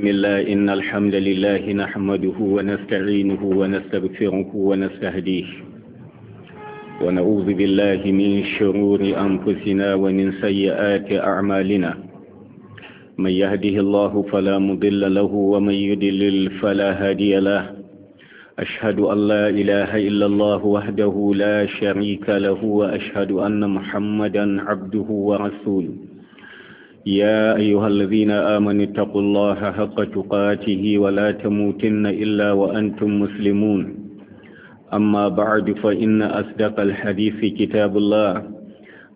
بسم الله إن الحمد لله نحمده ونستعينه ونستغفره ونستهديه ونعوذ بالله من شرور أنفسنا ومن سيئات أعمالنا من يهده الله فلا مضل له ومن يضلل فلا هادي له أشهد أن لا إله إلا الله وحده لا شريك له وأشهد أن محمدا عبده ورسوله يا أيها الذين آمنوا اتقوا الله حق تقاته ولا تموتن إلا وأنتم مسلمون أما بعد فإن أصدق الحديث كتاب الله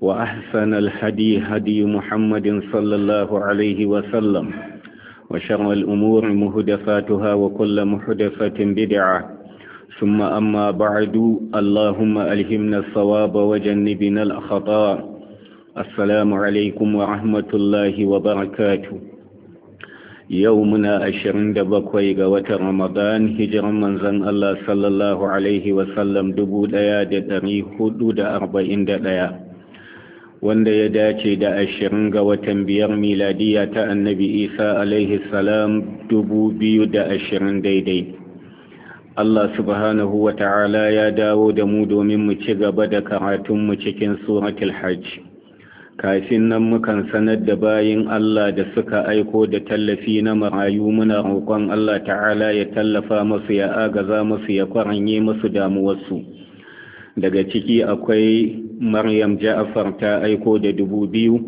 وأحسن الهدي هدي محمد صلى الله عليه وسلم وشر الأمور مهدفاتها وكل محدثة بدعة ثم أما بعد اللهم ألهمنا الصواب وجنبنا الأخطاء السلام عليكم ورحمة الله وبركاته يومنا أشرين دبقوي قوات رمضان هجر من زن الله صلى الله عليه وسلم دبو ليا دتري حدود أربعين ليا wanda ya dace da ashirin ga watan biyar miladiya ta annabi isa alaihi salam dubu biyu da ashirin daidai Allah subhanahu wa ta'ala ya dawo da mu domin mu ci gaba da karatunmu cikin suratul hajj kafin nan mukan sanar da bayin Allah da suka aiko da tallafi na marayu muna roƙon Allah ta'ala ya tallafa masu ya agaza masu ya kwaranye masu damuwarsu daga ciki akwai maryam ja'afar ta aiko da dubu biyu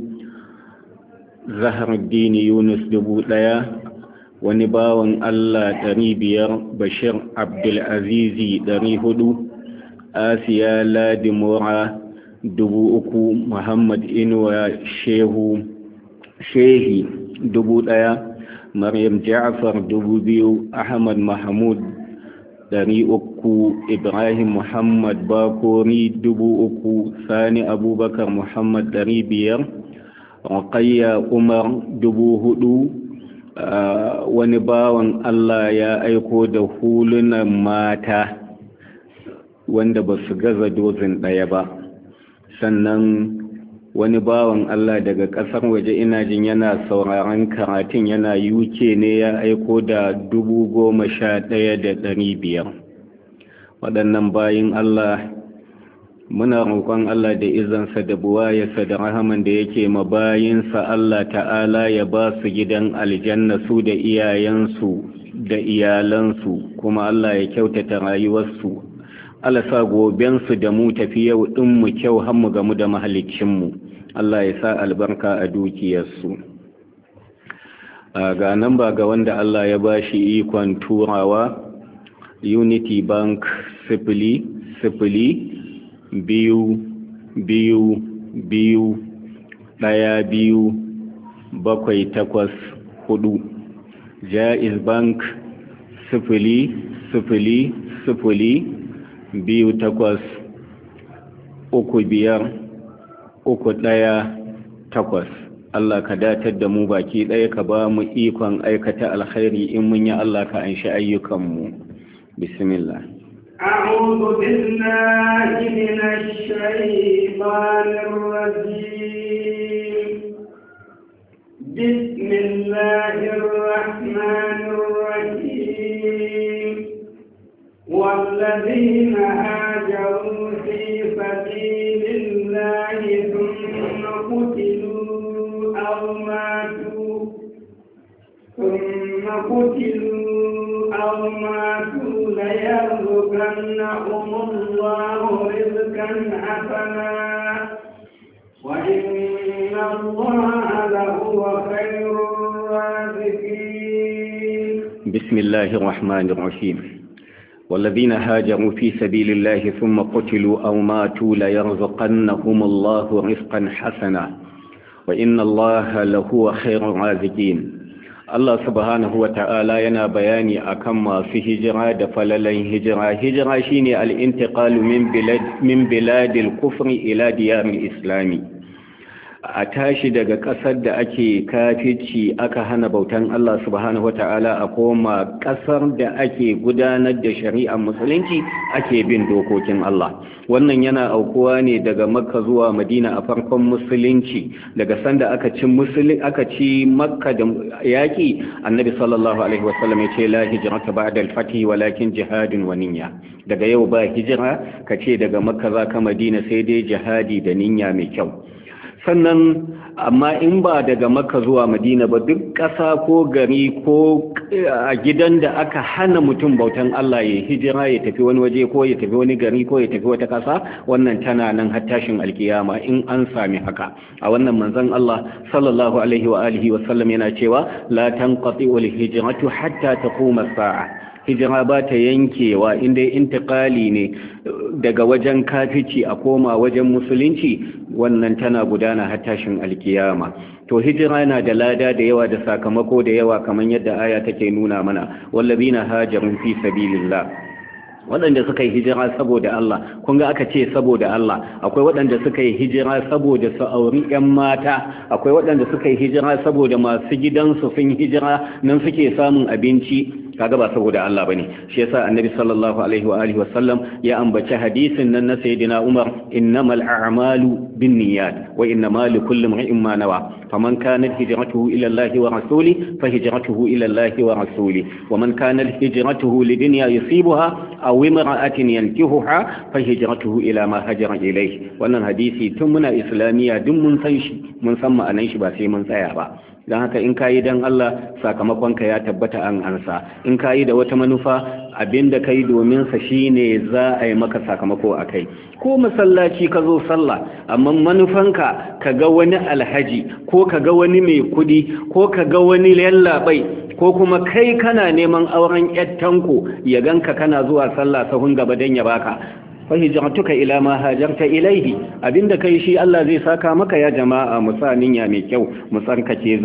zaharuddini yunus dubu ɗaya wani bawan Allah ɗari biyar bashir abdulazizi ɗari hudu asiya ladimora dubu uku muhammad inuwa shehu shehi dubu ɗaya maryam ja'far dubu biyu ahmad mahmud dari uku ibrahim muhammad bakori dubu uku sani abubakar muhammad dari biyar rukayya umar dubu hudu ah, wani bawan allah ya aiko da hulunan mata wanda ba su gaza dozin ɗaya ba sannan wani bawan Allah daga ƙasar waje ina jin yana sauraron karatun yana UK ne ya aiko da dubu goma sha ɗaya da ɗari biyar waɗannan bayin Allah muna roƙon Allah da izansa da buwayarsa da rahaman da yake ma bayinsa Allah ta'ala ya ba su gidan aljanna su da iyayensu da iyalansu kuma Allah ya kyautata rayuwarsu Allah sa gobensu da mu tafi yau ɗin mu kyau har mu gamu da mahalicinmu Allah ya sa albarka a dukiyarsu ga nan ba ga wanda Allah ya ba shi ikon turawa unity bank sifili sifili biyu biyu biyu ɗaya biyu bakwai takwas hudu jaiz bank sifili sifili sifili biyu takwas uku biyar uku ɗaya takwas Allah ka datar da mu baki ɗaya ka ba mu ikon aikata alkhairi in mun yi Allah ka an shi ayyukanmu bismillah أعوذ بالله من الشيطان الرجيم بسم الله الرحمن الرحيم والذين هاجروا في سبيل الله ثم قتلوا أو ماتوا ثم قتلوا أو ماتوا ليرزقنهم الله رزقا حسنا وإن الله لهو خير الرازقين بسم الله الرحمن الرحيم والذين هاجروا في سبيل الله ثم قتلوا أو ماتوا ليرزقنهم الله رزقا حسنا وإن الله لهو خير الرازقين الله سبحانه وتعالى ينا بياني أكما في هجرة فللن هجرة هجرة شيني الانتقال من بلاد, من بلاد الكفر إلى ديار الإسلامي a tashi daga ƙasar da ake kafici aka hana bautan Allah subhanahu wata'ala a koma ƙasar da ake gudanar da shari'ar musulunci ake bin dokokin Allah wannan yana aukuwa ne daga makka zuwa madina a farkon musulunci daga sanda aka ci musulun aka ci makka da yaƙi annabi sallallahu alaihi wasallam ya ce la hijrata ba'da al-fath walakin jihadun wa niyya daga yau ba hijira kace daga makka zaka madina sai dai jihadi da niyya mai kyau sannan amma in ba daga maka zuwa madina ba duk ƙasa ko gari ko a gidan da aka hana mutum bautan Allah ya hijira ya tafi wani waje ko ya tafi wani gari ko ya tafi wata ƙasa wannan tana nan hattashin alkiyama in an sami haka a wannan manzon Allah sallallahu alaihi wa alihi wa sallam yana cewa la tanqati al hijratu hatta taquma koma saa hijira ba ta yankewa inda intikali ne daga wajen kafici a koma wajen musulunci wannan tana gudana har tashin alkiyama to hijira na da lada da yawa da sakamako da yawa kamar yadda aya take nuna mana wallabina hajarun fi sabilillah waɗanda suka yi hijira saboda Allah kun ga aka ce saboda Allah akwai waɗanda suka yi hijira saboda su auri ƴan mata akwai waɗanda suka yi hijira saboda masu gidansu sun hijira nan suke samun abinci kaga ba saboda Allah bane shi yasa annabi sallallahu alaihi wa alihi wasallam ya ambaci hadisin nan na sayyidina Umar innamal a'malu binniyat wa innamal likulli imrin ma nawa faman kanat hijratuhu ila Allah wa rasuli fa hijratuhu ila Allah wa rasuli wa man kanat hijratuhu lidunya yusibuha aw imra'atin yankihuha fa hijratuhu ila ma hajara ilayhi wannan hadisi tun muna islamiya duk mun san shi mun san ma'anar shi ba sai mun tsaya ba don haka in kayi don Allah sakamakonka ya tabbata an ansa in kayi da wata manufa abinda kayi domin sa shi ne za a yi maka sakamako a kai ko masallaci ka zo sallah amma manufanka ka ga wani alhaji ko ka ga wani mai kudi ko ka ga wani lallaɓai ko kuma kai kana neman auren yattanku ya ganka kana zuwa sallah sahun gaba dan ya baka fahijatuka ila ma hajarta ilaihi abinda kai shi Allah zai saka maka ya jama'a musanin ya mai kyau mu tsarkake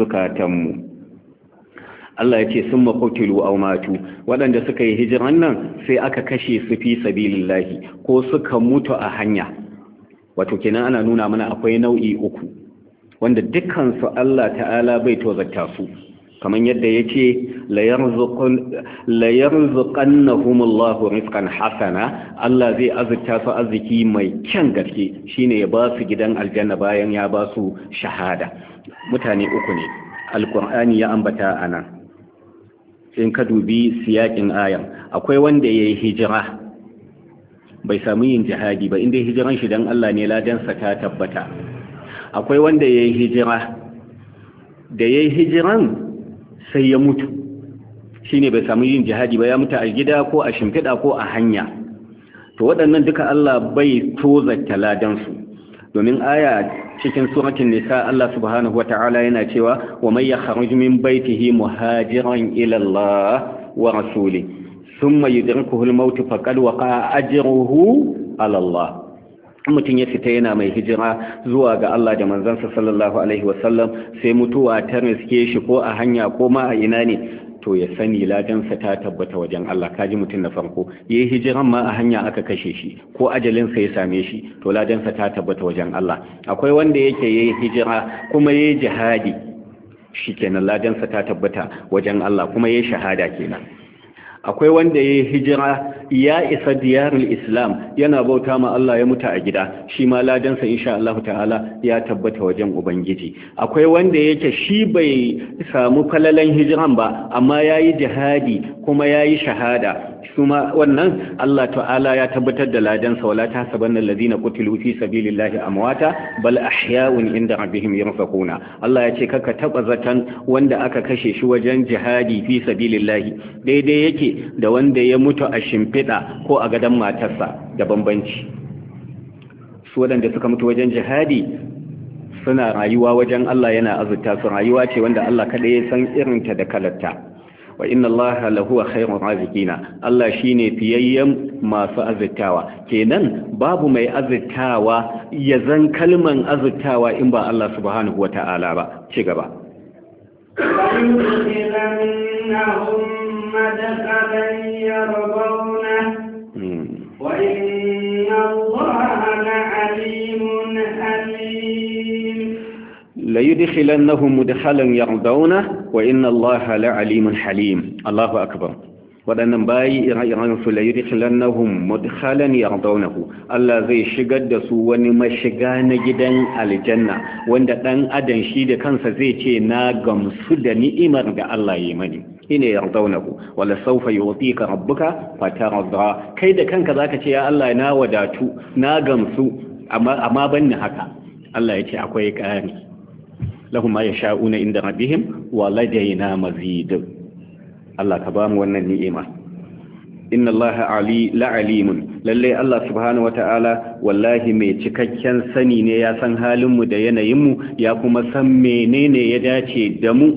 mu Allah ya ce sun makotulu a matu waɗanda suka yi hijiran nan sai aka kashe su fi sabilillahi ko suka mutu a hanya wato kenan ana nuna mana akwai nau'i uku wanda dukkansu Allah ta'ala bai tozarta su kamar yadda ya ce layar zuƙan na humullahu rifkan hasana Allah zai azurta su arziki mai kyan gaske shine ya ba su gidan aljanna bayan ya ba su shahada mutane uku ne alkur'ani ya ambata a nan in ka dubi siyakin ayan akwai wanda ya yi hijira bai samu yin jihadi ba inda hijiran shi don Allah ne ladansa ta tabbata akwai wanda ya yi hijira da ya yi hijiran sai ya mutu shine bai samu yin jihadi ba ya mutu a gida ko a shimfiɗa ko a hanya to waɗannan duka Allah bai toza taladansu domin aya cikin suratun nisa Allah subhanahu wa ta'ala yana cewa wa may yakhruj min baytihi muhajiran ila Allah wa rasuli thumma yudrikuhu al-maut faqad waqa'a ajruhu ala Allah mutum ya fita yana mai hijira zuwa ga Allah da manzansa sallallahu alaihi wasallam sai mutuwa ta riske shi ko a hanya ko ma a ina ne to ya sani ladansa ta tabbata wajen Allah kaji mutum na farko Ya yi hijiran ma a hanya aka kashe shi ko ajalinsa ya same shi to ladansa ta tabbata wajen Allah akwai wanda yake ya yi hijira kuma ya yi jihadi shi kenan ladansa ta tabbata wajen Allah kuma ya yi shahada kenan akwai wanda ya yi hijira ya isa diyarul islam yana bauta ma Allah ya mutu a gida shi ma ladansa insha Allah ta'ala ya tabbata wajen ubangiji akwai wanda yake shi bai samu falalan hijiran ba amma yayi jihadi kuma yayi shahada kuma wannan Allah ta'ala ya tabbatar da ladansa wala tahsabanna alladhina qutilu fi sabilillahi amwata bal ahya'un inda rabbihim yarzuquna Allah ya ce kaka taba zatan wanda aka kashe shi wajen jihadi fi sabilillahi daidai yake da wanda ya mutu a shimfe shimfiɗa ko a gadon matarsa da bambanci su waɗanda suka mutu wajen jihadi suna rayuwa wajen Allah yana azurta su rayuwa ce wanda Allah kaɗai ya san irinta da kalarta wa inna Allah lahu khairur razikina Allah shine fiyayyen masu azurtawa kenan babu mai azurtawa ya zan kalman azurtawa in ba Allah subhanahu wataala ba ci gaba دخلا يرضونه وإن الله لعليم حليم ليدخلنهم مدخلا يرضونه وإن الله لعليم حليم الله أكبر waɗannan bayi ire-iren su la yudkhilannahum mudkhalan yardawnahu Allah zai shigar da su wani mashiga na gidan aljanna wanda ɗan adam shi da kansa zai ce na gamsu da ni'imar da Allah ya mani ine yardawnahu wala sawfa yu'tika rabbuka fatarda kai da kanka zaka ce ya Allah na wadatu na gamsu amma amma banni haka Allah ya ce akwai ƙari lahum ma yasha'una inda rabbihim wa ladaina mazid Allah ka ba mu wannan ni'ima inna Allah ali la'alimun lalle Allah subhanahu wata'ala wallahi mai cikakken sani ne ya san halin mu da yanayin mu ya kuma san menene ya dace da mu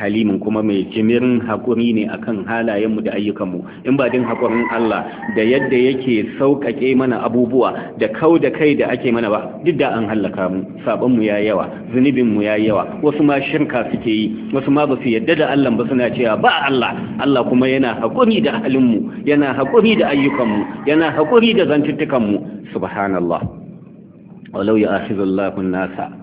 halimin kuma mai jimirin haƙuri ne akan halayenmu da ayyukanmu in ba din haƙurin Allah da yadda yake sauƙaƙe mana abubuwa da kau da kai da ake mana ba duk da an hallaka mu sabon ya yawa zunubin mu ya yawa wasu ma shirka suke yi wasu ma ba su yadda da Allah ba suna cewa ba Allah Allah kuma yana haƙuri da halin mu yana haƙuri da ayyukan yana haƙuri da zantuttukan mu subhanallah walau ya akhidhu Allahu nasa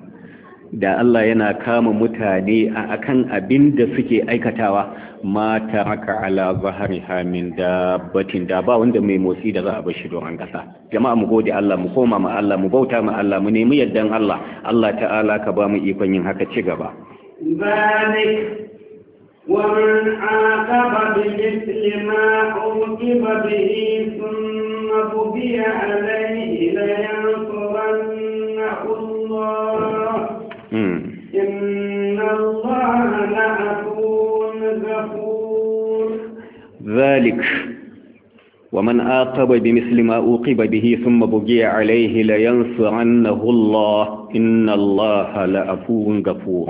da Allah yana kama mutane a akan abin da suke aikatawa ma aka ala zahari hamin dabbatin da ba wanda mai motsi da za a bashi doron kasa jama'a mu gode Allah mu koma ma Allah mu bauta ma Allah mu nemi yardan Allah Allah ta'ala ka ba mu ikon yin haka ci gaba ومن عاقب بمثل ما عوقب به ثم عليه لينصرنه الله إن الله لعفو غفور ذلك ومن آقب بمثل ما أوقب به ثم بقي عليه لينصرنه الله إن الله لعفو غفور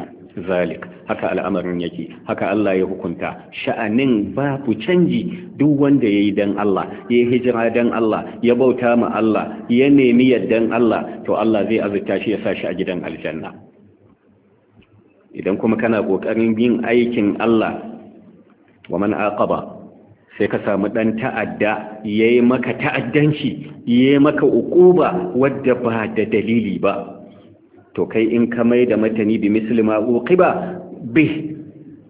ذلك haka al'amarin yake haka Allah ya hukunta sha'anin babu canji duk wanda ya yi don Allah ya hijira dan Allah ya bauta ma Allah ya nemi yaddan Allah to Allah zai azurta shi ya sa shi a gidan aljanna idan kuma kana ƙoƙarin yin aikin Allah wa man aqaba sai ka samu ɗan ta'adda yayi maka ta'addanci yayi maka uquba wadda ba da dalili ba to kai in ka mai da matani bi muslima uqiba bi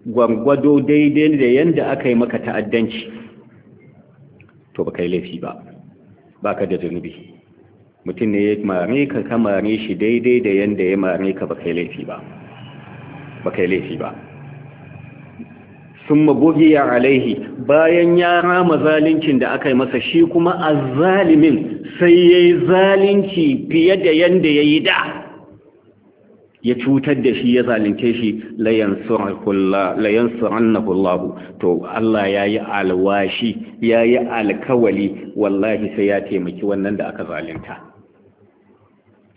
gwangwado daidai da yanda aka yi maka ta'addanci to ba kai laifi ba ba ka da zunubi mutum ne ya mare ka ka mare shi daidai da yanda ya mare ka ba kai laifi ba ba kai laifi ba sun magogiya alaihi bayan ya rama zalincin da aka yi masa shi kuma a zalimin sai ya yi zalinci fiye da yadda ya yi da ya cutar da shi ya zalince shi layan su'annahullahu to Allah ya yi alwashi ya yi alkawali wallahi sai ya taimaki wannan da aka zalinta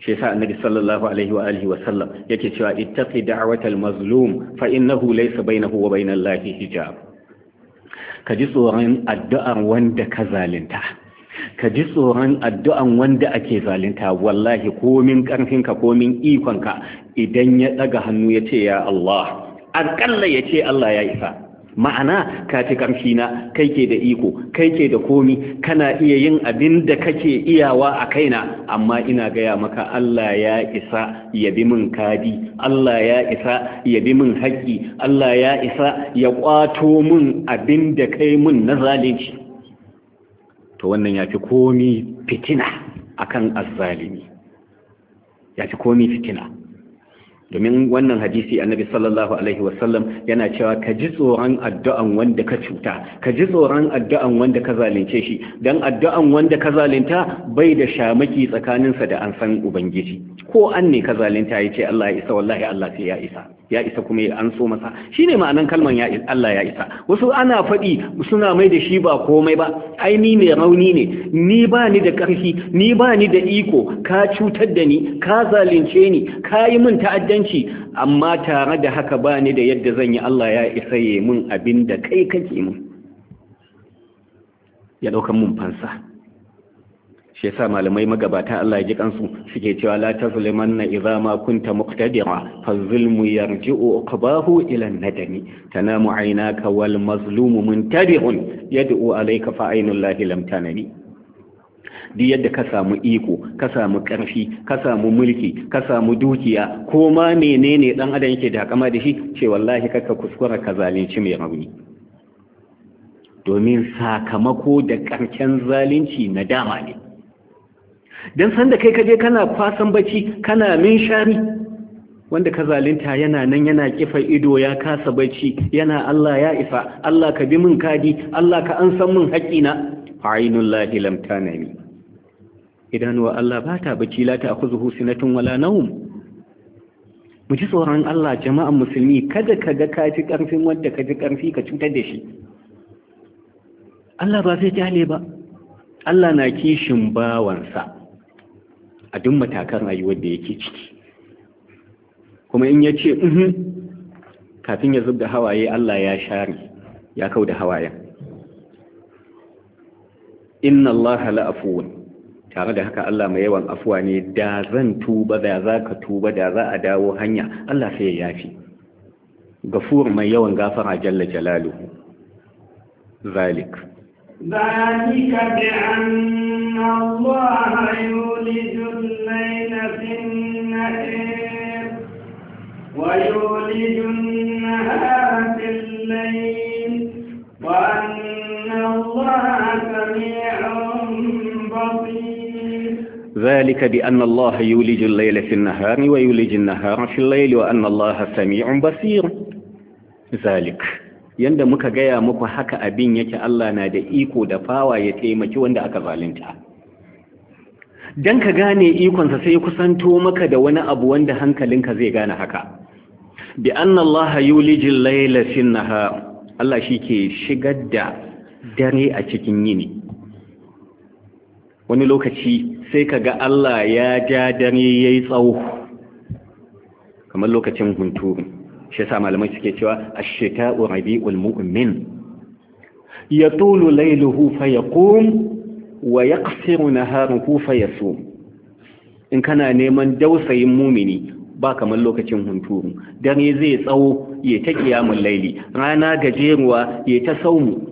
shi yasa annabi sallallahu alaihi wa alihi wa sallam yake cewa ittaqi da'watal mazlum fa innahu laysa bainahu wa bainal lahi hijab ka ji tsoron addu'an wanda ka zalunta ka ji tsoron addu'an wanda ake zalunta wallahi komin karfinka komin ikonka idan ya daga hannu ya ce ya Allah akalla ya ce Allah ya isa ma'ana ka ci ƙarfi na kai ke da iko kai ke da komi kana iya yin abin da kake iyawa a kaina amma ina gaya maka Allah ya isa ya bi min kadi Allah ya isa ya bi min haƙƙi Allah ya isa ya ƙwato min abin da kai min na zalunci to wannan ya fi komi fitina akan azzalimi ya fi komi fitina domin wannan hadisi annabi sallallahu alaihi wasallam yana cewa ka ji tsoron addu'an wanda ka cuta ka ji tsoron addu'an wanda ka zalunce shi dan addu'an wanda ka zalunta bai da shamaki tsakaninsa da an san ubangiji ko an ne ka zalunta ce, Allah ya isa wallahi Allah sai ya isa ya isa kuma ya an so masa ne ma'anan kalman ya Allah ya isa wasu ana faɗi suna mai da shi ba komai ba ai ni ne rauni ne ni ba ni da ƙarfi ni ba ni da iko ka cutar da ni ka zalunce ni ka yi min ta'addanci amma tare da haka ba ni da yadda zan yi Allah ya isa ya min abin da kai kake min ya ɗaukan mun fansa shi yasa malamai magabata Allah ya ji kansu suke cewa la tazlimanna idza ma kunta muqtadira fa zulmu yarji'u uqbahu ila nadami tanamu aynaka wal mazlumu muntabi'un yad'u alayka fa aynu llahi lam tanami duk yadda ka samu iko ka samu karfi ka samu mulki ka samu dukiya ko ma menene dan adam yake da kama da shi ce wallahi kaka kuskura ka zalunci mai rauni domin sakamako da karken zalunci na dama ne don sanda kai kaje kana kwasan bacci kana min shari wanda ka zalinta yana nan yana kifa ido ya kasa bacci yana Allah ya isa Allah ka bi min kadi Allah ka an san min haƙina fa'inul lahi lam tanami idan wa Allah ba ta bacci la ta akhuzuhu sinatun wala nawm mu ji tsoron Allah jama'an musulmi kada ka ga ka ji karfin wanda ka ji karfi ka cutar da shi Allah ba zai jale ba Allah na kishin bawansa a duk matakan rayuwar da yake ciki kuma in ya ce kafin ya zub da hawaye Allah ya share ya kau da hawayen inna Allah la'afuwun tare da haka Allah mai yawan afuwa ne da zan tuba da za ka tuba da za a dawo hanya Allah sai ya yafi gafur mai yawan gafara jalla jalalu zalik ذلك بأن الله يولج الليل في النهار ويولج النهار في الليل وأن الله سميع بصير ذلك بأن الله يولج الليل في النهار ويولج النهار في الليل وأن الله سميع بصير ذلك yanda muka gaya muku haka abin yake Allah na da iko da fawa ya taimaki wanda aka zalunta dan ka gane ikonsa sai kusanto maka da wani abu wanda hankalinka zai gane haka bi anna Allah yulijil layla fi nahar Allah ke shigar da dare a cikin yini wani lokaci sai ka ga Allah ya ja dare yayi tsawo kamar lokacin hunturu shi yasa malamai suke cewa ash-shita'u rabi'ul mu'min yatulu layluhu yaqum wa yaqsiru naharuhu yasum in kana neman dausayin mumini ba kamar lokacin hunturu dare zai tsawo ya ta kiyamul laili rana gajeruwa ya ta saumu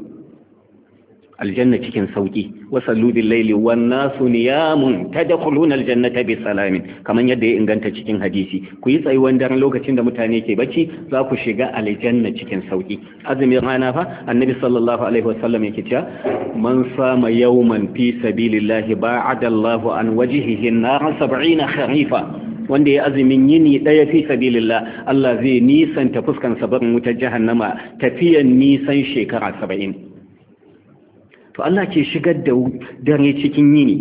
aljanna cikin sauki wasallu bil laili wan nasu niyamun tadkhuluna aljannata bi salamin kaman yadda ya inganta cikin hadisi ku yi tsayuwan daren lokacin da mutane ke bacci za ku shiga aljanna cikin sauki azumin rana fa annabi sallallahu alaihi wasallam yake cewa man sama yawman fi sabilillahi ba'ada Allahu an wajhihi an 70 kharifa wanda ya azumin yini ɗaya fi sabilillah Allah zai nisanta fuskan sabarin wutar jahannama tafiyan nisan shekara saba'in to Allah ke shigar da dare cikin yini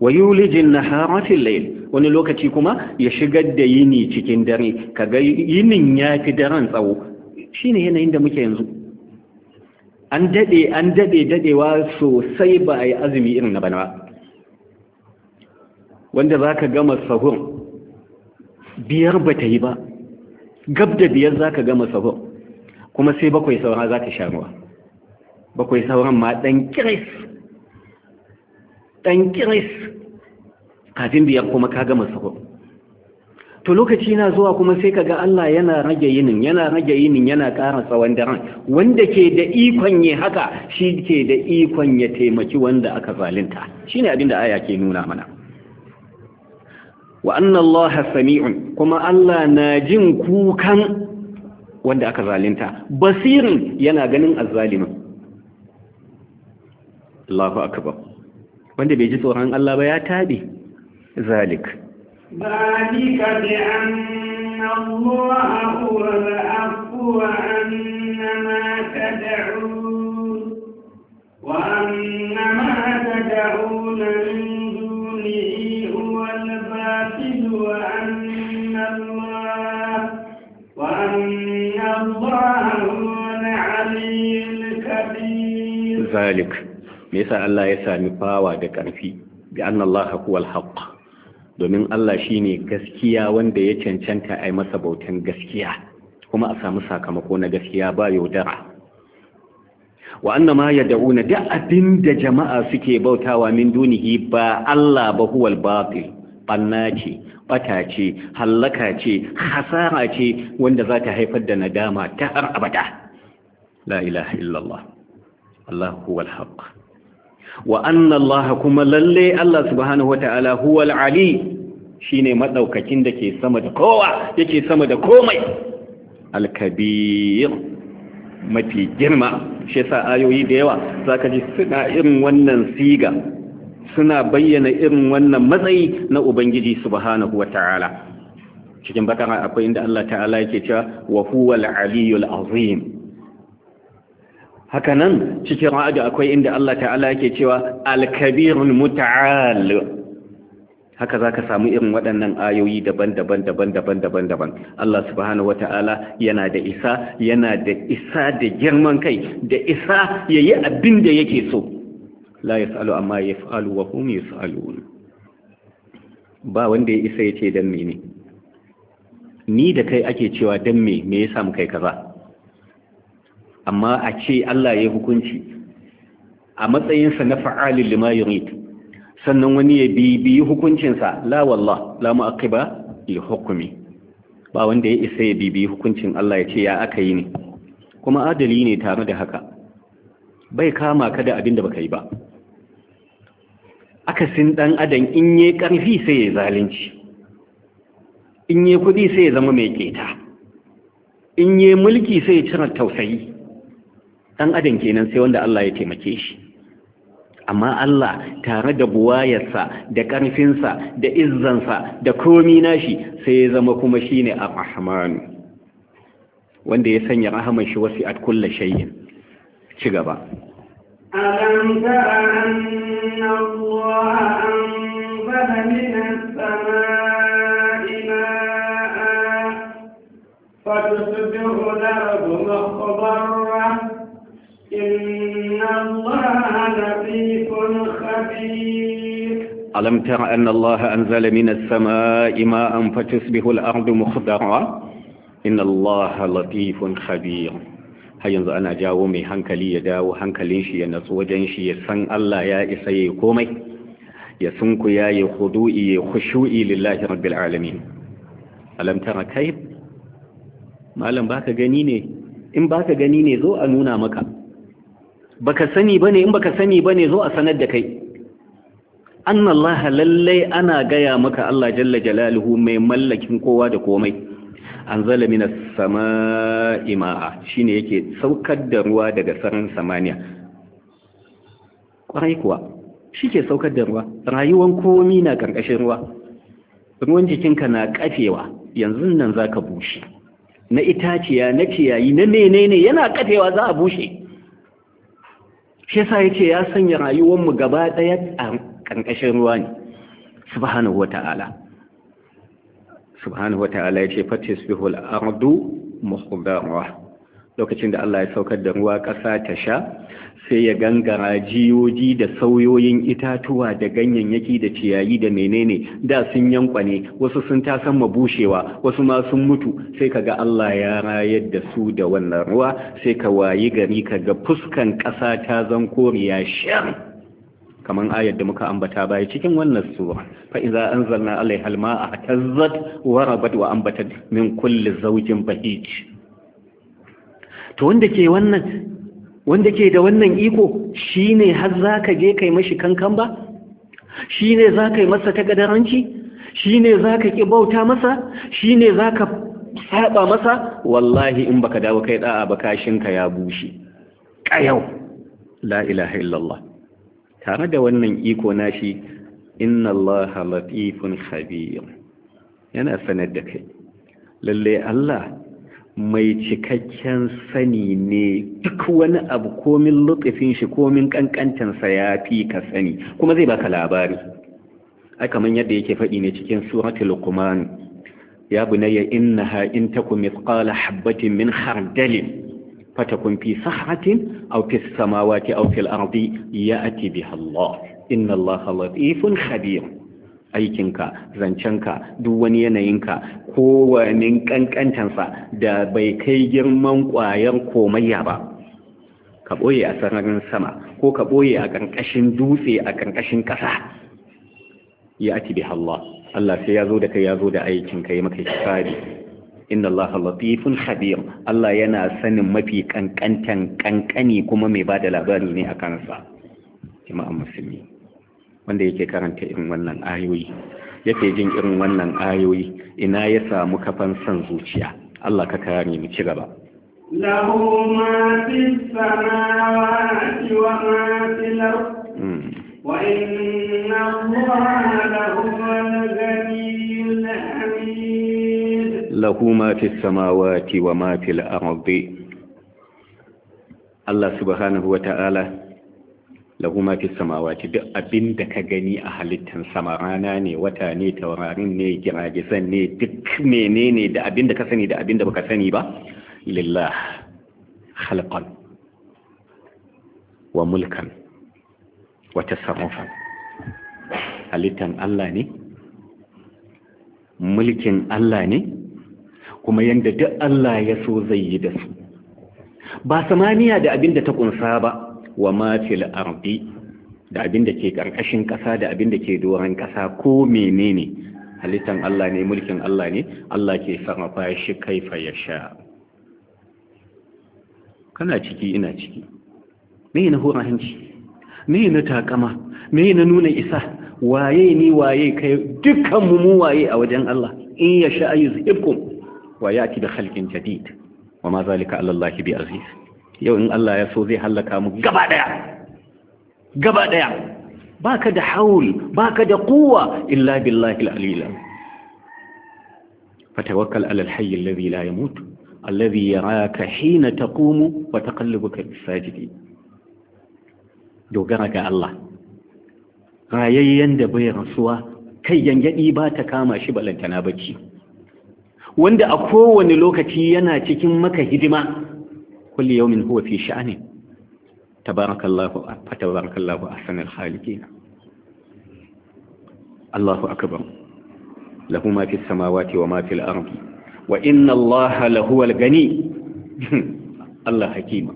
wa yulijin nahara fil layl wani lokaci kuma ya shigar da yini cikin dare kaga yinin ya fi daren tsawo shine yanayin da muke yanzu an dade an dade dadewa sosai ba a yi azumi irin na bana ba wanda zaka gama sahur biyar ba ta yi ba gab da biyar zaka gama sahur kuma sai bakwai saura zaka sha ruwa bakwai sauran ma ɗan kiris ɗan kiris kafin biyar kuma ka gama sahur to lokaci na zuwa kuma sai ka ga. Allah yana rage yinin yana rage yinin yana ƙara tsawon daren wanda ke da ikon ya haka shi ke da ikon ya taimaki wanda aka zalunta ne abin da aya ke nuna mana Wa'annan anna Allah sami'un kuma Allah na jin kukan wanda aka zalunta basirin yana ganin azzalimin Allahu akbar wanda bai ji tsoron Allah ba ya tabi zalik zalika bi anna Allah huwa al-haqqu wa anna ma tad'un wa anna ma tad'un min dunihi huwa al-batil wa anna Allah wa anna Allah huwa al-'aliyyul kabir zalik me yasa Allah ya sami fawa da ƙarfi bi annallaha huwal haqq domin Allah shine gaskiya wanda ya cancanta ai masa bautan gaskiya kuma a samu sakamako na gaskiya ba yaudara wa annama yad'una da abin da jama'a suke bautawa min dunihi ba Allah ba huwal batil banna ce bata ce hallaka ce hasara ce wanda za ta haifar da nadama ta har abada la ilaha illallah Allah huwal haqq wa anna Allah kuma lalle Allah subhanahu wata'ala huwal ali ne madaukakin da ke sama da kowa yake sama da komai Alkabir mafi girma shi yasa ayoyi da yawa zaka ji suna irin wannan siga suna bayyana irin wannan matsayi na ubangiji subhanahu wata'ala cikin bakara akwai inda Allah ta'ala yake cewa wa huwal aliyul azim haka nan cikin ra'adu akwai inda Allah ta'ala yake cewa Alkabirun muta'al haka za samu irin waɗannan ayoyi daban-daban daban-daban daban-daban Allah subhanahu wata'ala yana da isa yana da isa da girman kai da isa ya abin da yake so la yasalu amma yaf'alu wa hum yasalun ba wanda ya isa yace ce ne ni da kai ake cewa dan me me yasa mu kai kaza amma a ce Allah ya hukunci a matsayinsa na fa'alin limayin sannan wani ya bibiyi hukuncinsa la wallah la ba ya hukumi. ba wanda ya isa ya bibiyi hukuncin Allah ya ce ya aka yi ne kuma adali ne tare da haka bai kama ka da abin da baka yi ba akasin ɗan adam in yi karfi sai ya zalunci in yi kudi sai ya zama mai keta in yi mulki sai ya cire tausayi ɗan adam kenan sai wanda Allah ya taimake shi amma Allah tare da buwayarsa da ƙarfinsa da izzansa da komi nashi sai ya zama kuma shine a rahman wanda ya sanya rahaman shi wasi'at kulli shay'in ci gaba alam tara anna Allah minas إن الله لطيف خبير ألم تر أن الله أنزل من السماء ماء فتصبح الأرض مخضرة إن الله لطيف خبير har yanzu ana jawo mai hankali ya dawo hankalin shi ya natsu wajen shi ya san Allah ya isa ya komai ya sunku ya yi hudu'i lillahi rabbil alamin alam tara kai malam baka in baka gani ne zo a nuna maka baka sani bane in baka sani bane zo a sanar da kai annallaha lallai ana gaya maka Allah jalla jalaluhu mai mallakin kowa da komai anzala minas samaa'i ma'a shine yake saukar da ruwa daga sararin samaniya kwarai kuwa shike saukar da ruwa Rayuwar komi na karkashin ruwa ruwan jikinka na kafewa yanzu nan zaka bushe na itaciya na ciyayi na menene yana kafewa za a bushe shi yasa ce ya sanya rayuwar mu gaba daya a kankashin ruwa ne subhanahu wata'ala subhanahu wata'ala yace fatis bihul ardu muhdara lokacin da Allah ya saukar da ruwa ƙasa ta sha sai ya gangara jiyoji da sauyoyin itatuwa da ganyayyaki da ciyayi da menene da sun yankwa ne wasu sun tasan bushewa wasu ma sun mutu sai kaga Allah ya rayar da su da wannan ruwa sai ka wayi gari kaga fuskan ƙasa ta zan koriya shar kaman ayar da muka ambata baya cikin wannan sura fa idza anzalna alaiha alma'a tazzat wa rabat wa ambatat min kulli zawjin bahij to wanda ke wannan wanda ke da wannan iko shi ne har za ka je kai mashi kankan ba shi ne za ka yi masa tagadaranci shi ne za ka ƙi bauta masa shi ne za ka saba masa wallahi in baka dawo kai da'a ba kashinka ya bushe ƙayau la ilaha illallah tare da wannan iko nashi inna allaha latifun khabir yana sanar da kai lalle Allah mai cikakken sani ne duk wani abu komin lutsufin shi komin kankantansa ya fi ka sani kuma zai baka labari ai yadda yake faɗi ne cikin suratul luqman ya inna ha in takum mithqala habatin min khardalin fatakun fi sahatin aw fi samawati aw fil ardi ya'ti biha Allah inna Allah latifun khabir aikinka zancenka duk wani yanayinka kowane kankantansa da bai kai girman ƙwayar komayya ba ka ɓoye a sararin sama ko ka ɓoye a ƙarƙashin dutse a ƙarƙashin ƙasa ya ati bi Allah Allah sai ya zo da kai ya zo da aikin kai maka hisabi inna Allah latifun khabir Allah yana sanin mafi kankantan kankani kuma mai ba da labari ne a kansa jama'an musulmi wanda yake karanta irin wannan ayoyi yake jin irin wannan ayoyi ina ya samu kafan san zuciya Allah ka kare mu ci gaba lahu ma fi samawati wa ma fi hmm. wa inna allaha lahuwal ghaniyyul lahu ma fi samawati wa ma fi al-ardi Allah subhanahu wa ta'ala lahu ma fi samawati duk abin da ka gani a halittan sama rana ne wata ne taurarin ne giragizan ne duk menene da abin da ka sani da abin da baka sani ba lillah khalqan wa mulkan wa tasarrufan halittan Allah ne mulkin Allah ne kuma yanda duk Allah ya so zai yi da su ba samaniya da abin da ta kunsa ba wa ma fil ardi da abin da ke karkashin kasa da abin da ke doron kasa ko menene halittan Allah ne mulkin Allah ne Allah ke sarrafa shi kaifa ya sha kana ciki ina ciki me na hura hanci me na takama me na nuna isa waye ni waye kai dukkan mu mu waye a wajen Allah in ya sha ayyuzhikum wa yati bi khalqin jadid wa ma zalika ala Allah bi aziz yau in Allah ya so zai hallaka mu gaba daya gaba daya baka da haul baka da quwwa illa billahi al-alila fatawakkal ala al-hayy alladhi la yamut alladhi yaraka hina taqumu wa taqallubuka bis-sajidin dogara ga Allah rayayyen da bai rasuwa kai yangadi ba ta kama shi balantana bacci wanda a kowane lokaci yana cikin maka hidima kulli yawmin huwa fi sha'ani tabarakallahu fatabarakallahu ahsanul khaliqin Allahu akbar lahu ma fis samawati wa ma wa inna Allaha lahuwal gani Allah hakima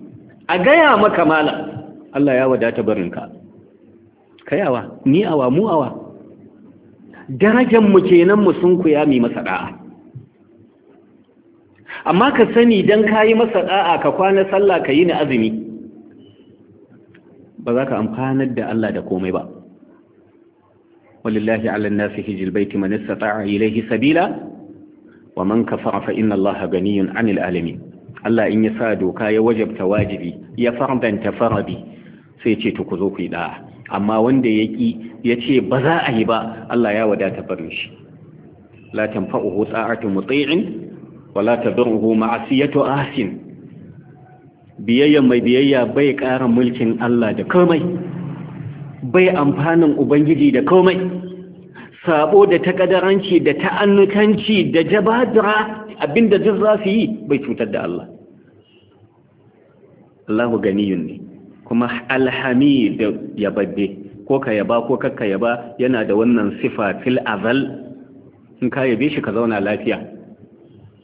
a gaya maka mala Allah ya wadata barinka kayawa ni awa mu awa darajar mu kenan mu sun koya mai masa amma ka sani don ka yi masa ɗa'a ka kwana sallah ka yi ni azumi ba za ka amfanar da Allah da komai ba walillahi ala nasi hijil baiti man istata'a ilayhi sabila wa man ka fa inna Allah ganiyun 'anil alamin Allah in ya sa doka ya wajabta wajibi ya fardanta farabi sai ce ta ku zo ku yi amma wanda ya ya ce ba za a yi ba Allah ya wadata barin shi la tanfa'uhu ta'atu muti'in wala tadurruhu ma'asiyatu asin biyayya mai biyayya bai ƙara mulkin Allah da komai bai amfanin ubangiji da komai sabo da takadaranci da ta'annukanci da jabadira abinda duk za su yi bai cutar da Allah Allahu ganiyun ne kuma alhamid yababbe ko ka yaba ko kakka yaba yana da wannan sifa fil azal in ka yabe shi ka zauna lafiya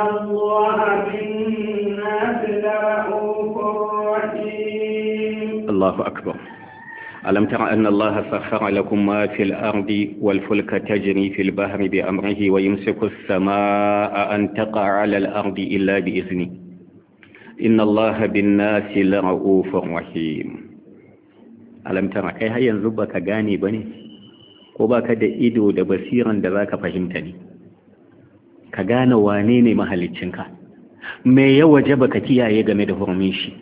الله بالناس لرؤوف رحيم الله أكبر ألم تر أن الله سخر لكم ما في الأرض والفلك تجري في البحر بأمره ويمسك السماء أن تقع على الأرض إلا بإذنه إن الله بالناس لرؤوف رحيم ألم تر أي هيا زبك غاني بني وبك دا إدو دا بصيرا دا ذاك فهمتني ka gane wane ne mahalicinka mai ya waje baka kiyaye game da hurumin shi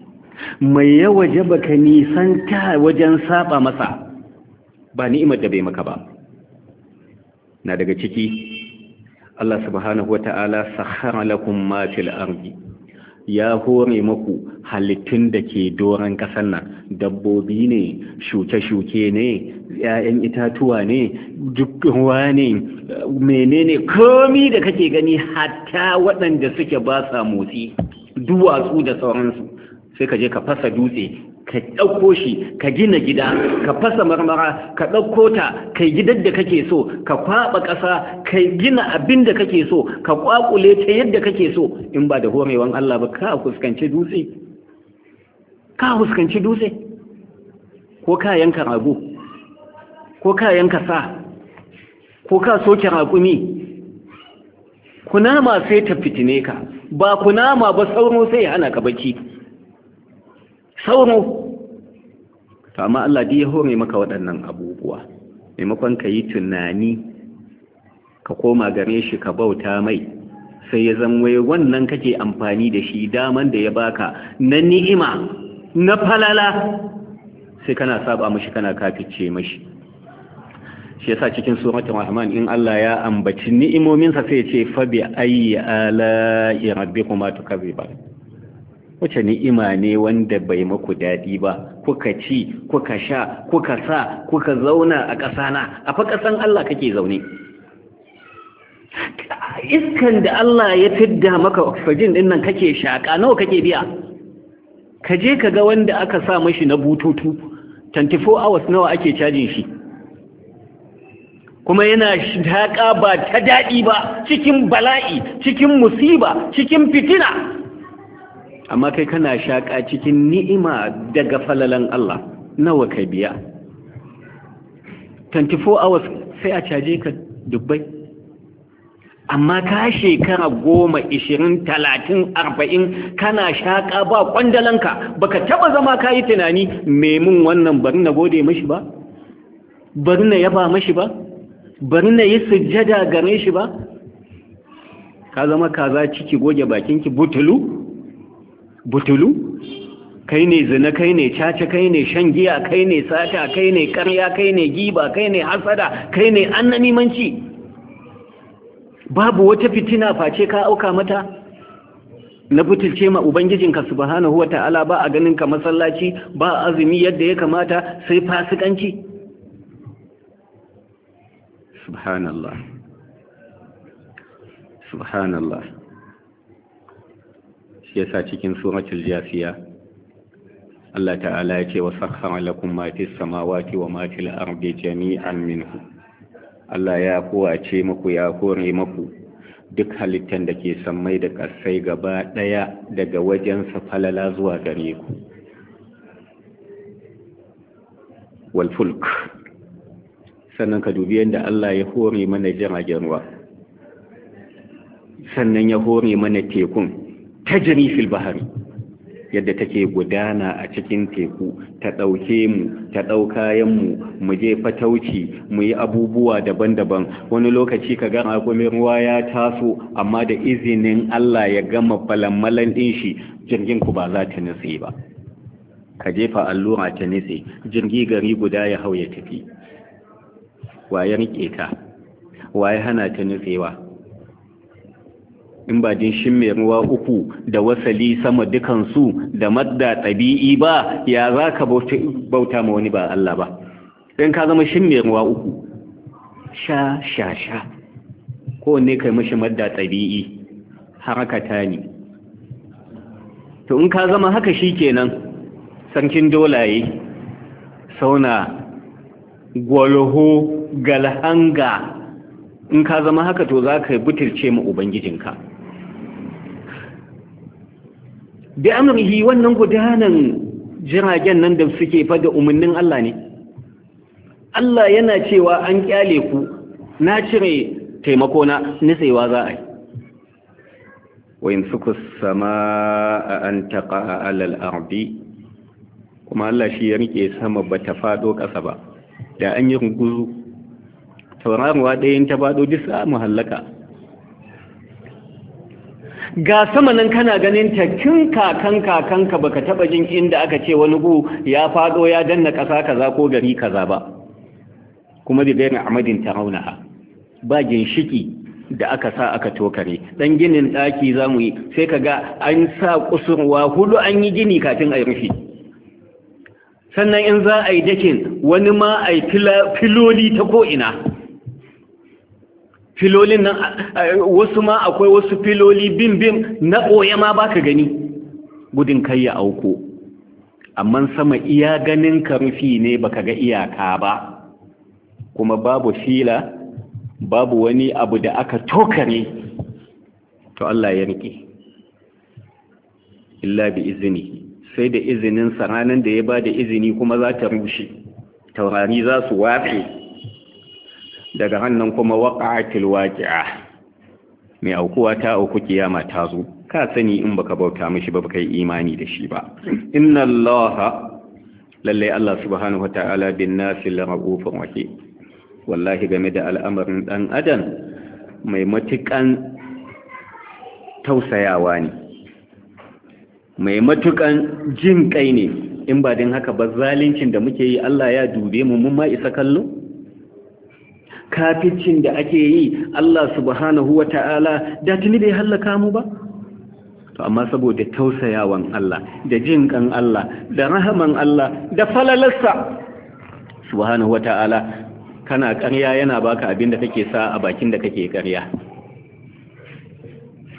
mai ya waje baka nisanta wajen saba masa ba ni'imar da bai maka ba na daga ciki Allah subhanahu wa ta'ala sahara lakum ma fil ardi ya hore maku halittun da ke doron ƙasar nan dabbobi ne shuke-shuke ne ‘ya'yan itatuwa ne duk ruwa ne menene komi da kake gani hatta waɗanda suke ba sa motsi duwatsu da sauransu sai ka je ka fasa dutse ka ɗauko shi ka gina gida ka fasa marmara ka ɗauko ta kai gidan da kake so ka kwaɓa ƙasa ka gina abin da kake so ka ƙwaƙule ta yadda kake so in ba da horewan Allah ba ka fuskanci dutse ka fuskanci dutse ko ka yanka rago ko ka yanka sa ko ka soke raƙumi kunama sai ta fitine ka ba kunama ba sauro sai ya hana ka bacci sauro to amma Allah dai ya hore maka waɗannan abubuwa maimakon ka yi tunani ka koma gare shi ka bauta mai sai ya zanwaye wannan kake amfani da shi daman da ya baka na ni'ima na falala sai kana saba mashi kana kafice mashi shi yasa cikin suratul rahman in Allah ya ambaci ni'imominsa sai ya ce fa bi ayyi ala rabbikum atukazibun wace ni'ima ne wanda bai maku daɗi ba kuka ci kuka sha kuka sa kuka zauna a na, a fa ƙasan Allah kake zaune iskan da Allah ya fidda maka oxygen din nan kake shaƙa nawa kake biya ka je ka ga wanda aka sa mashi na bututu 24 hours nawa ake cajin shi kuma yana shaƙa ba ta daɗi ba cikin bala'i cikin musiba cikin fitina amma kai kana shaƙa cikin ni'ima daga falalan Allah nawa ka biya 24 hours sai a caje ka dubbai amma ka shekara goma ishirin talatin arba'in kana shaƙa ba ƙwandalanka ba ka taɓa zama ka yi tunani memun wannan bari na gode mashi ba bari na yaba mashi ba bari na yi sujjada gare shi ba ka zama kaza ciki goge bakinki butulu butulu kai ne zina kai ne caca kai ne shan giya kai ne sata kai ne karya kai ne giba kai ne hasada kai ne annamimanci babu wata fitina face ka auka mata na butulce ma ubangijinka subhanahu wata'ala ba a ganin ka masallaci ba azumi yadda ya kamata sai fasikanci subhanallah subhanallah yasa cikin suratul jasiya Allah ta'ala ya ce wa sakhara lakum ma fi samawati wa ma fil ardi jami'an minhu Allah ya kowace muku ya kore muku duk halittan da ke sammai da ƙasai gaba ɗaya daga wajensa falala zuwa gare ku Wal fulk sannan ka dubi yadda Allah ya hore mana jiragen ruwa sannan ya hore mana tekun Ta fil bahari yadda take gudana a cikin teku ta ɗauke mu ta yanmu mu je fatauci mu yi abubuwa daban-daban wani lokaci ka ga akwai ruwa ya taso amma da izinin Allah ya gama balammalan ɗin shi jirgin ku ba za ta nutse ba ka jefa allura ta nutse jirgi gari guda ya hau ya tafi ya rike ta Wa ya hana ta nutsewa in ba jinshin mai ruwa uku da wasali sama dukansu da madda tabi'i ba ya za ka bauta ma wani ba Allah ba don ka zama shin mai ruwa uku sha sha sha kowanne kai mashi madda tabi'i harakata ne to in ka zama haka shi kenan sarkin dolaye sauna gwalho galhanga in ka zama haka to za ka butirce ma ubangijinka bi amrihi wannan gudanan jiragen nan da suke fada umarnin Allah ne Allah yana cewa an kyale ku na cire taimako na nitsewa za a yi wa sama samaa an taqa ala al-ardi kuma Allah shi ya rike sama ba ta fado ƙasa ba da an yi runguzu tauraruwa ɗayan ta fado duk sa muhallaka. ga sama nan kana ganin ta kakan kakanka baka taba jin inda aka ce wani gu ya fado ya danna kasa kaza ko gari kaza ba kuma bi bayan amadin ta tarawnaha ba ginshiki da aka sa aka tokare dan ginin daki zamu yi sai kaga an sa kusurwa hulu an yi gini kafin a rufe sannan in za a yi dakin wani ma a filoli ta ko ina filolin nan wasu ma akwai wasu filoli bim-bim na ɓoye ma ka gani gudun kai ya auko amma sama iya ganin ka rufi ne baka ga iyaka ba kuma babu fila babu wani abu da aka tokare to Allah ya rike illa bi izini sai da izinin sananan da ya ba da izini kuma za ta rushe taurari za su wafe daga hannun kuma waqa'atil waqi'a mai aukuwa ta auku kiyama ta zo ka sani in baka bauta mishi ba baka yi imani da shi ba inna allaha lalle allah subhanahu wataala bin nasi lirabufun wake wallahi game da al'amarin dan adam mai matukan tausayawa ne mai matukan jin kai ne in ba din haka ba zalincin da muke yi allah ya dube mu mun ma isa kallo kaficin da ake yi Allah subhanahu wa ta'ala da tuni bai hallaka mu ba to amma saboda tausayawan Allah da jin kan Allah da rahaman Allah da falalarsa subhanahu wa ta'ala kana ƙarya yana baka abin da kake sa a bakin da kake ƙarya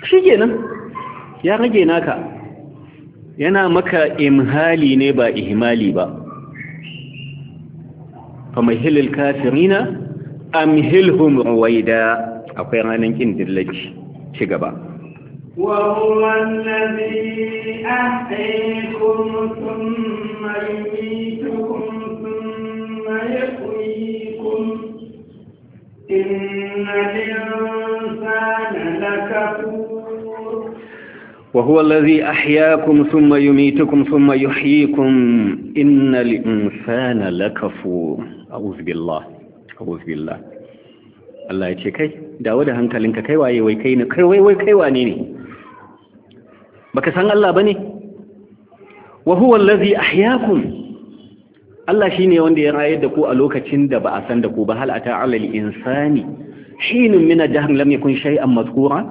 shikenan ya rage naka yana maka imhali ne ba ihimali ba famahilil kafirina amhilhum ruwaida akwai ranar kin dillaci ci gaba وهو الذي أحييكم ثم يميتكم ثم يحييكم إن الإنسان لكفور وهو الذي أحياكم ثم يميتكم ثم يحييكم إن الإنسان لكفور أعوذ بالله a'udhu Allah ya ce kai dawo da hankalinka kai waye wai kai ne kai wai wai kai wane ne baka san Allah bane wa huwa allazi ahyaakum Allah shi ne wanda ya rayar da ku a lokacin da ba a san da ku ba hal a ta'alal insani hinun mina jahannam lam yakun shay'an mazkura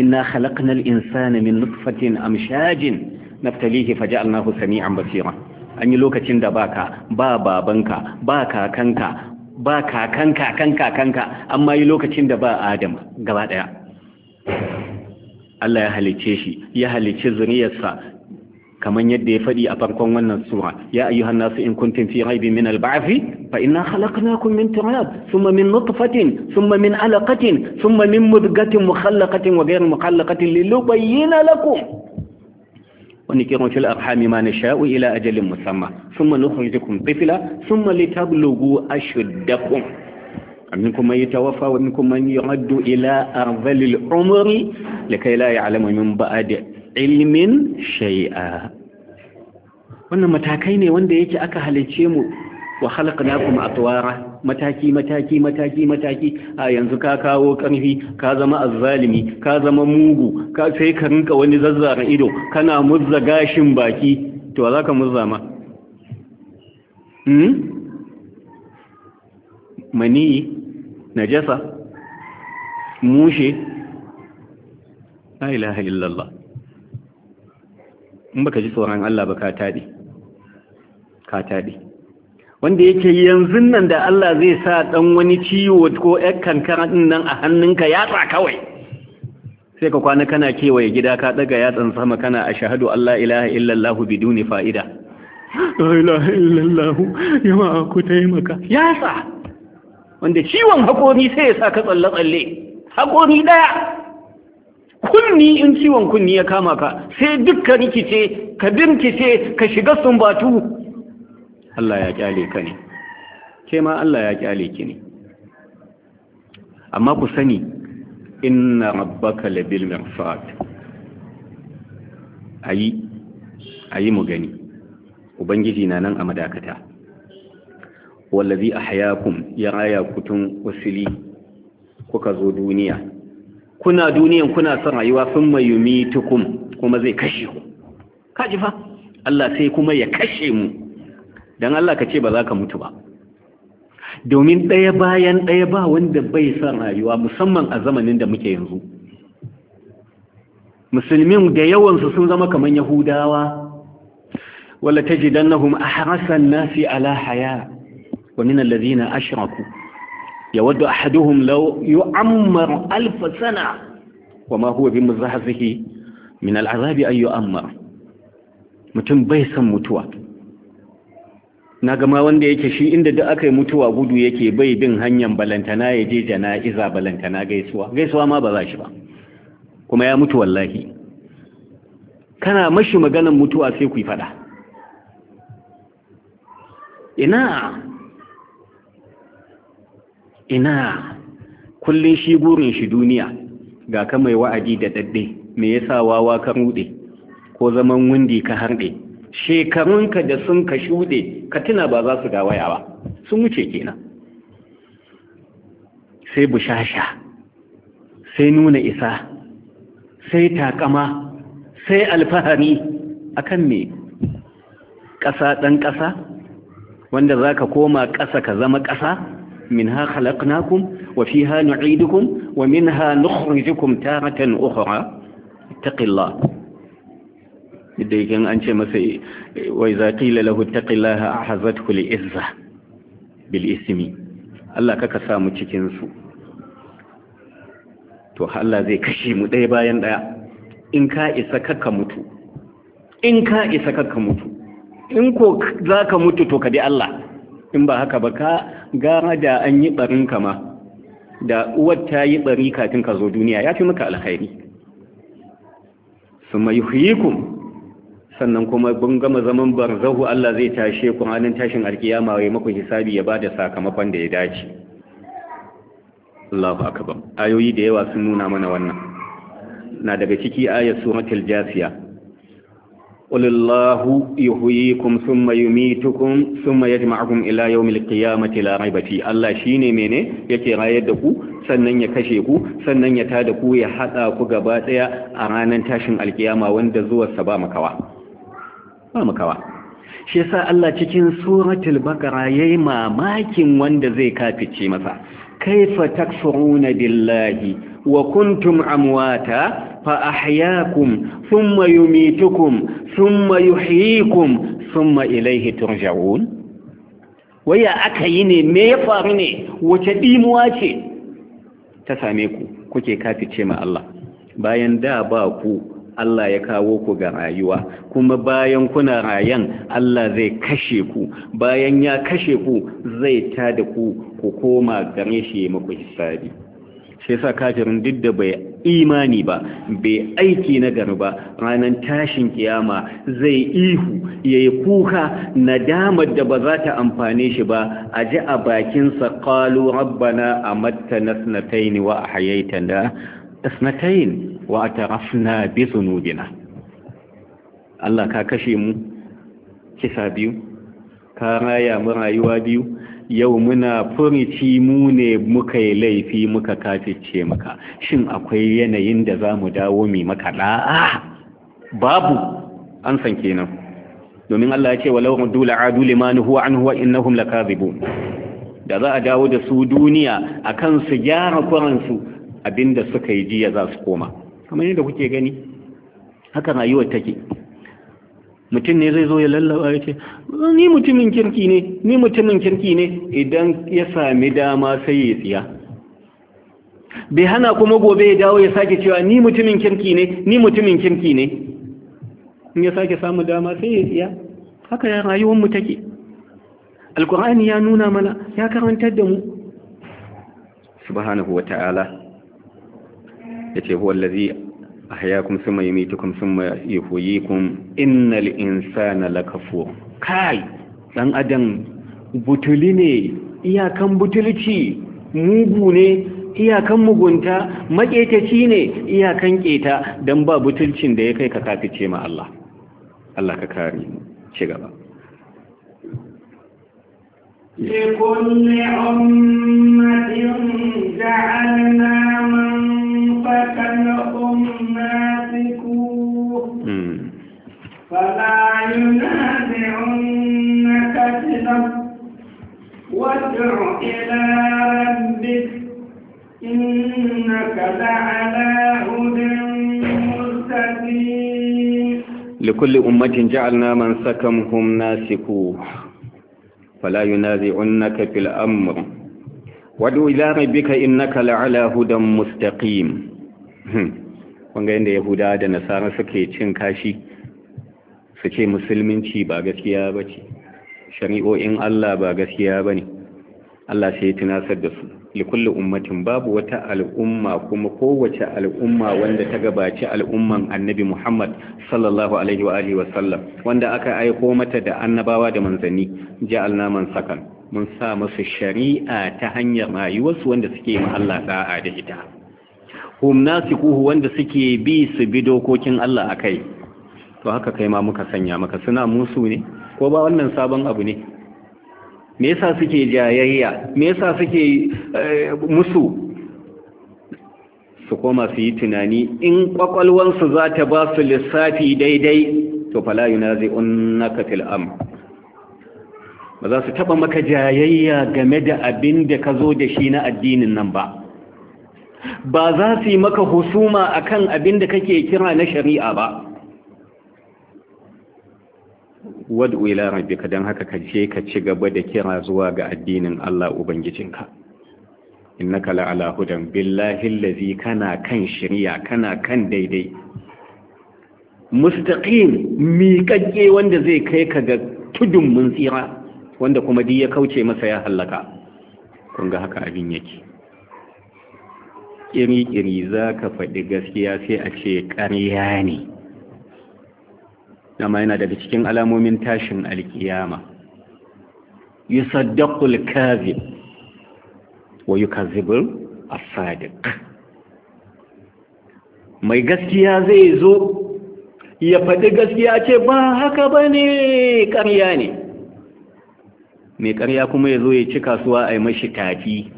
inna khalaqna al-insana min nutfatin amshajin naftalihi faj'alnahu sami'an basira an yi lokacin da baka ba babanka ba kakanka ba kakan kakan kakanka amma yi lokacin da ba adam gaba daya Allah ya halice shi ya halice zuriyarsa kamar yadda ya faɗi a farkon wannan sura ya ayyuhan nasu in kuntum fi raibin min al-ba'thi fa inna khalaqnakum min turab thumma min nutfatin thumma min alaqatin thumma min mudghatin mukhallaqatin wa ghayr mukhallaqatin linubayyana lakum wani kiran shi arhami ma na sha'u ila ajalin musamma sun ma nufin shi fifila sun ma lita bulogu amin kuma yi tawafa wani kuma yi raddu ila arzalil umari da kai la ya alama min ba da ilimin shai'a wannan matakai ne wanda yake aka halarci mu wa khalaqnakum atwara mataki mataki mataki mataki a yanzu ka kawo karfi ka zama azzalimi ka zama mugu ka sai ka rinka wani zazzara ido kana muzza gashin baki to za ka muzza ma hmm? mani najasa mushe la ilaha illallah in baka ji tsoron Allah ba ka taɗi ka taɗi wanda yake yanzu nan da Allah zai sa ɗan wani ciwo ko ƴar kankara din nan a hannunka ya yatsa kawai sai ka kwana kana kewaye gida ka ya yatsan sama kana a shahadu Allah ilaha illallah ne fa'ida ilaha illallah yama ku taimaka sa wanda ciwon hakori sai ya sa ka tsalle tsalle hakori ɗaya. kunni in ciwon kunni ya kama ka sai dukkan rikice ka dinkice ka shiga sumbatu Allah ya kyale ka ne ke ma Allah ya kyale ki ne amma ku sani inna rabbaka labil mirsad ayi ayi mu gani ubangiji na nan a madakata a ahyakum ya raya kutun wasili kuka zo duniya kuna duniyan kuna son rayuwa sun mayumitukum kuma zai kashe ku kaji fa Allah sai kuma ya kashe mu don Allah ka ce ba za ka mutu ba domin ɗaya bayan ɗaya ba wanda bai son rayuwa musamman a zamanin da muke yanzu musulmin da yawansu sun zama kamar yahudawa wala tajidannahum ahrasan nasi ala haya wa min allazina ashraku yawaddu ahaduhum law yu'ammar alf sana wama huwa bimuzahzihi min al'azabi an Ammar. mutum bai san mutuwa na gama wanda yake shi inda duk aka yi mutuwa gudu yake bai bin hanyar balantana ya je jana'iza balantana gaisuwa gaisuwa ma ba za shi ba kuma ya mutu wallahi kana mashi maganan mutuwa sai ku yi fada ina ina kullun shi gurin shi duniya ga ka mai wa'adi da dadde me yasa wawa ka rude ko zaman wundi ka harde shekarunka da sun ka shuɗe ka tuna ba za su gawaya ba sun wuce kenan sai bushasha sai nuna isa sai takama sai alfahari akan me ƙasa ɗan ƙasa wanda za ka koma ƙasa ka zama ƙasa منها ha وفيها نعيدكم ومنها نخرجكم تارة taratan اتق الله da yake an ce masa wai za qila lahu a ahazathu kuli izza bil ismi Allah kaka samu cikinsu. cikin to Allah zai kashe mu ɗaya bayan ɗaya in ka isa kakka mutu in ka isa kakka mutu in ko za ka mutu to ka Allah in ba haka ba ka gara da an yi ɓarin kama da uwar ta yi ɓari kafin ka zo duniya ya fi maka alkhairi su mai sannan kuma kun gama zaman barzahu Allah zai tashe ku ranar tashin alkiyama ya maku hisabi ya bada sakamakon da ya dace Allahu akbar ayoyi da yawa sun nuna mana wannan na daga ciki ayat suratul jasiya qulillahu yuhyikum thumma yumitukum thumma yajma'ukum ila yawmil qiyamati la لا fi Allah shine mene yake rayar da ku sannan ya kashe ku sannan ya tada ku ya hada ku gaba daya a ranar tashin alkiyama wanda zuwa sa ba makawa ba shi sa Allah cikin suratul baqara yayi mamakin wanda zai kafice masa kaifa takfuruna billahi wa kuntum amwata fa ahyaakum thumma yumitukum thumma yuhyikum thumma ilayhi turja'un waya aka yi ne me ya faru ne wace dimuwa ce ta same ku kuke kafice ma Allah bayan da ba ku Allah ya kawo ku ga rayuwa kuma bayan kuna rayan Allah zai kashe ku bayan ya kashe ku zai tada ku ku koma gare shi muku hisabi shi yasa kafirin duk da bai imani ba bai aiki na gari ba ranar tashin kiyama zai ihu yayi kuka nadamar da ba za ta amfane shi ba a ji a bakinsa qalu rabbana amattana sanataini wa ahyaytana اثنتين واعترفنا بذنوبنا Allah ka kashe mu kisa biyu ka raya mu rayuwa biyu yau muna furici mu ne muka laifi muka kafice maka shin akwai yanayin da zamu dawo mai maka babu an san kenan domin Allah ya ce walau ruddu la'adu liman huwa an huwa innahum lakazibun da za a dawo da su duniya a kan su gyara kuransu abinda suka yi jiya za su koma kamar yadda kuke gani haka rayuwar take mutum ne zai zo ya lallaba ya ce ni mutumin kirki ne ni mutumin kirki ne idan ya sami dama sai ya tsiya bai hana kuma gobe ya dawo ya sake cewa ni mutumin kirki ne ni mutumin kirki ne in ya sake samu dama sai ya tsiya haka ya rayuwar mu take alkur'ani ya nuna mana ya karantar da mu subhanahu ta'ala yace huwa allazi ahyakum thumma yumitukum thumma yuhyikum sa na lakafo. kai dan adam butuli ne iyakan butulci mugu ne iyakan mugunta maƙetaci ne iyakan ƙeta don ba butulcin da ya kai ka ce ma Allah Allah ka kare ci gaba لكل أمة جعلنا من فلا ينازعنك وادع إلى ربك إنك لعلى هدى لكل أمة جعلنا من سكمهم ناسكوه فلا ينازعنك في الأمر وادع إلى ربك إنك لعلى هدى مستقيم wanga hmm. yadda Yahuda da nasara suke cin kashi su ce musulminci ba gaskiya ba ce shari'o'in allah ba gaskiya ba ne allah sai ya tunasar da su likulli ummatin babu wata al'umma kuma kowace al'umma wanda ta gabaci al'umman annabi Muhammad sallallahu alaihi wa alihi wasallam wanda aka aiko mata da annabawa da manzanni ja'alna man sakan mun sa musu shari'a ta hanyar mayuwarsu wanda suke ma Allah da'a da ita hum nasikuhu wanda suke bi su bi dokokin Allah akai to haka kai ma muka sanya maka suna musu ne ko ba wannan sabon abu ne me yasa suke jayayya me yasa suke eh, musu su koma su yi tunani in kwakwalwansu za ta ba su lissafi daidai to fala yunazi unnaka fil am ba za su taba maka jayayya game da abin da ka zo da shi na addinin nan ba ba za su yi maka husuma a kan abin da kake kira na shari'a ba wadda ila ka don haka ka ce ka ci gaba da kira zuwa ga addinin Allah ubangijinka kala ala hudan billahi allazi kana kan shari'a kana kan daidai mustaqim miƙaƙƙe wanda zai kai ka ga tudun mun tsira wanda kuma di ya kauce masa ya hallaka kun ga haka abin yake ƙiri-ƙiri za ka faɗi gaskiya sai a ce ƙarya ne dama yana daga cikin alamomin tashin alƙiyama. yi saddakul kazi wa yi kazibul asadik mai gaskiya zai zo ya faɗi gaskiya ce ba haka ba ne ƙarya ne mai ƙarya kuma ya zo ya ci kasuwa a yi mashi tafi